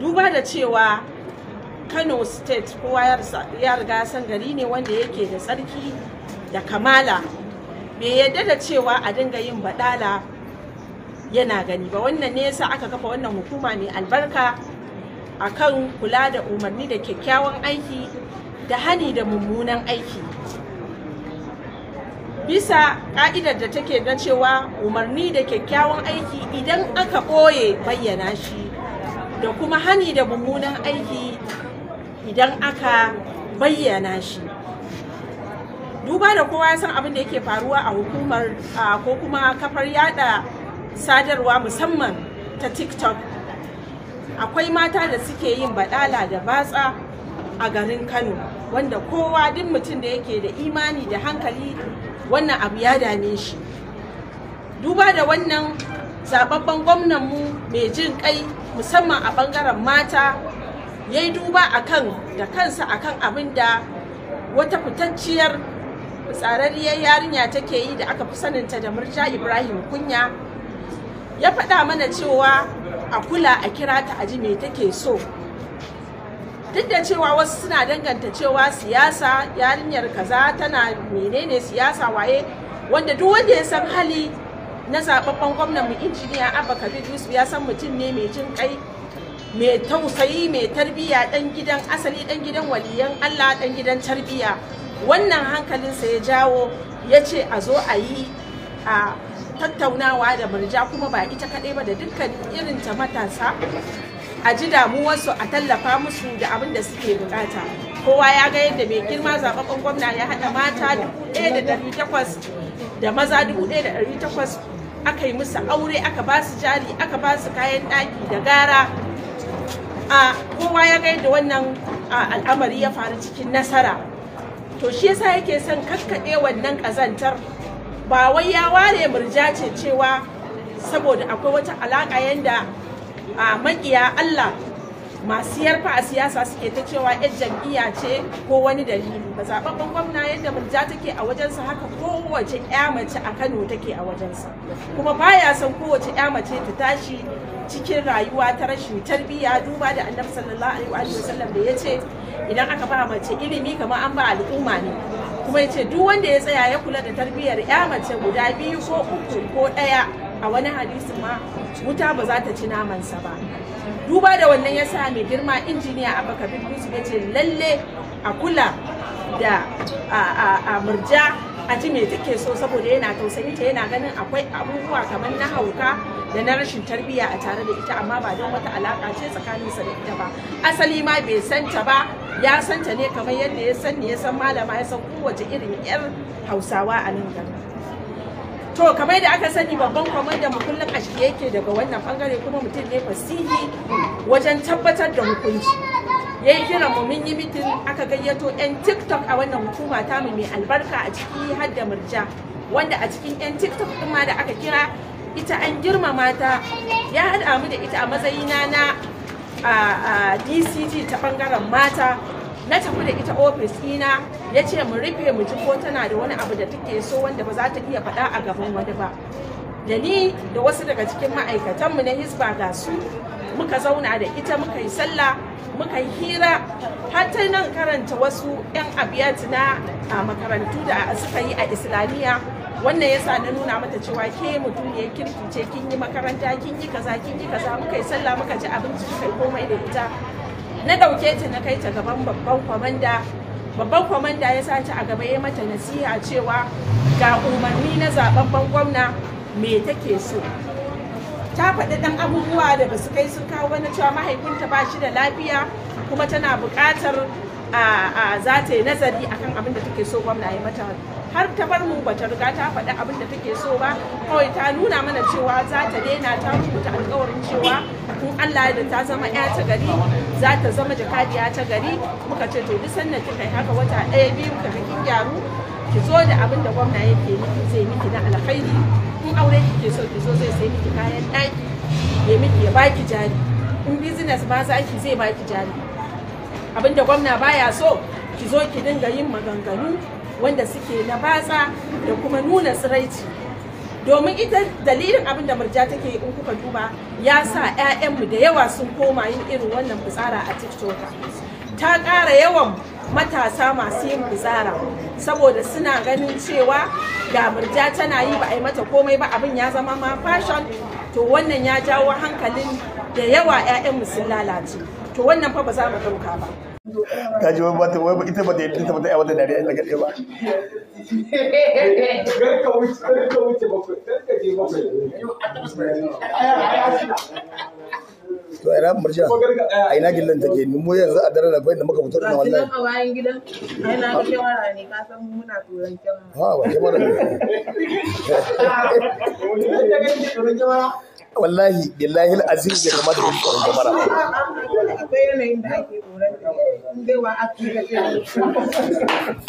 duba da cewa kano state kowa ya riga san gari ne wanda yake da tsarki da kamala bai yadda da cewa a dinga yin baɗala yana gani ba wannan ne yasa aka kafa wannan hukuma mai albarka a akan kula da umarni da kyakkyawan aiki da hani da mummunan aiki bisa ka'idar da take na cewa umarni da kyakkyawan aiki idan aka ɓoye bayyana shi da kuma hani da mummunan aiki idan aka bayyana shi duba da kowa ya san abin da yake faruwa a hukumar ko kuma kafar yada sadarwa musamman ta tiktok akwai mata da suke yin badala da batsa a garin kano wanda kowa duk mutum da yake da imani da hankali wannan abu ya dame shi duba da wannan zababben gwamnanmu mai jin kai musamman a bangaren mata ya yi duba a kan da kansa a kan abin da wata fitacciyar tsararriyar yarinya take yi da aka fi saninta da murja ibrahim kunya ya faɗa mana cewa a kula a kira ta aji me take so duk da cewa wasu suna danganta cewa siyasa yarinyar kaza tana menene siyasa waye wanda duk wanda ya san hali na zaɓaɓɓen gwamnan mu injiniya abba kabir yusuf ya san mutum ne mai jin kai mai tausayi mai tarbiyya dan gidan asali dan gidan waliyan allah ɗan gidan tarbiyya wannan hankalinsa ya jawo ya ce a zo a yi a tattaunawa da murja kuma ba ita kaɗai ba da dukkan irin ta matasa a ji damuwarsu a tallafa musu da abin da suke bukata kowa ya ga yadda mai girma zababben gwamna ya haɗa mata 1,800 da maza 1,800 aka yi musu aure aka ba su jari aka ba su kayan ɗaki da gara a kowa ya ga yadda wannan al'amari ya faru cikin nasara to shi yasa yake son kakkaɗe wannan kazantar. ba wai ya ware murja ce cewa saboda akwai wata alaka yanda a maƙiya Allah masu yarfa a siyasa suke ta cewa yan jam'iyya ce ko wani dalili ba zaɓaɓɓen gwamna yadda murja take a wajensa haka kowace ya mace a Kano take a wajensa kuma baya son kowace ya mace ta tashi cikin rayuwa ta rashin tarbiyya duba da annabi sallallahu alaihi wa sallam da yace idan aka ba mace ilimi kamar an ba al'umma ne kuma yace duk wanda ya tsaya ya kula da tarbiyyar ya mace guda biyu ko uku ko daya a wani hadisi ma wuta ba za ta ci namansa ba duba da wannan ya sa mai girma injiniya a kabir yusuf yace lalle a kula da a murja a ji me take so saboda yana tausayin ta yana ganin akwai abubuwa kamar na hauka da na rashin tarbiyya a tare da ita amma ba don wata alaka ce tsakanin sa da ita ba asali ma bai san ta ba ya san ta ne kamar yadda ya san ya san malama ya san kowace irin yar hausawa a nan gaba to kamar da aka sani babban kwamandan mu kullum a shirye yake daga wannan bangare kuma mutum ne fasihi wajen tabbatar da hukunci ya yi kiran mu mun yi mitin aka gayyato 'yan tiktok a wannan hukuma mu mai albarka a ciki har da murja wanda a cikin 'yan tiktok ɗin ma da aka kira ita an girmama ta ya haɗa mu da ita a matsayina na a dcg ta bangaren mata na tafi da ita ofis ina ya ce mu rufe mu ji ko tana da wani abu da take so wanda ba za ta iya faɗa a gaban wani ba da ni da wasu daga cikin ma'aikatanmu na hisba ga su muka zauna da ita muka yi sallah muka yi hira har ta nan karanta wasu 'yan abiyat na a makarantu da suka yi a islamiyya wannan yasa na nuna mata cewa ke mutum ne kirki ce kin yi makaranta kin yi kaza kin yi kaza muka yi sallah muka ci abinci muka yi komai da ita na dauke ta na kai ta gaban babban kwamanda babban kwamanda ya sace a gaba ya mata nasiha cewa ga umarni na zaben gwamna me take so ta faɗi ɗan abubuwa da ba su kai sun kawo na cewa mahaifinta ba shi da lafiya kuma tana buƙatar za ta yi nazari akan abin da take so gwamna ya mata har ta bar mu bata riga ta faɗi abin da take so ba kawai ta nuna mana cewa za ta daina ta rubuta alkawarin cewa Kun Allah da ta zama ya ta gari za ta zama jakadiya ta gari muka ce to duk sannan kika yi haka wata ɗaya biyu ka ga kin gyaru ki zo da abin da gwamna yake miki zai miki na alkhairi Kun aure kike so ki zo zai sai miki kayan ɗaki ya miki ya baki jari in business ba za ki zai baki jari abinda gwamna baya so ki zo ki dinga yin maganganu wanda suke na batsa da kuma nuna tsiraici domin ita dalilin abin da murja take in kuka duba ya sa 'ya'yanmu da yawa sun koma yin irin wannan fitsara a tiktok ta ƙara yawan matasa masu yin fitsara saboda suna ganin cewa ga murja tana yi ba a yi mata komai ba abin ya zama ma fashion to wannan ya jawo hankalin da yawa 'ya'yanmu sun lalace to wannan fa ba za mu ba ka ji wai ta ita ba ta ita ba ta wata da dariya ina kaɗai ba garka wuce garka wuce bakwai garka je bakwai to ina murja a ina gillan take ni mu yanzu a daren bayan da muka fito da a bayan gidan ina ga shawara ne ka san muna turan ha ba kyamara ne wallahi billahi al'azim bai kamata ku tsoron gobara eh, ba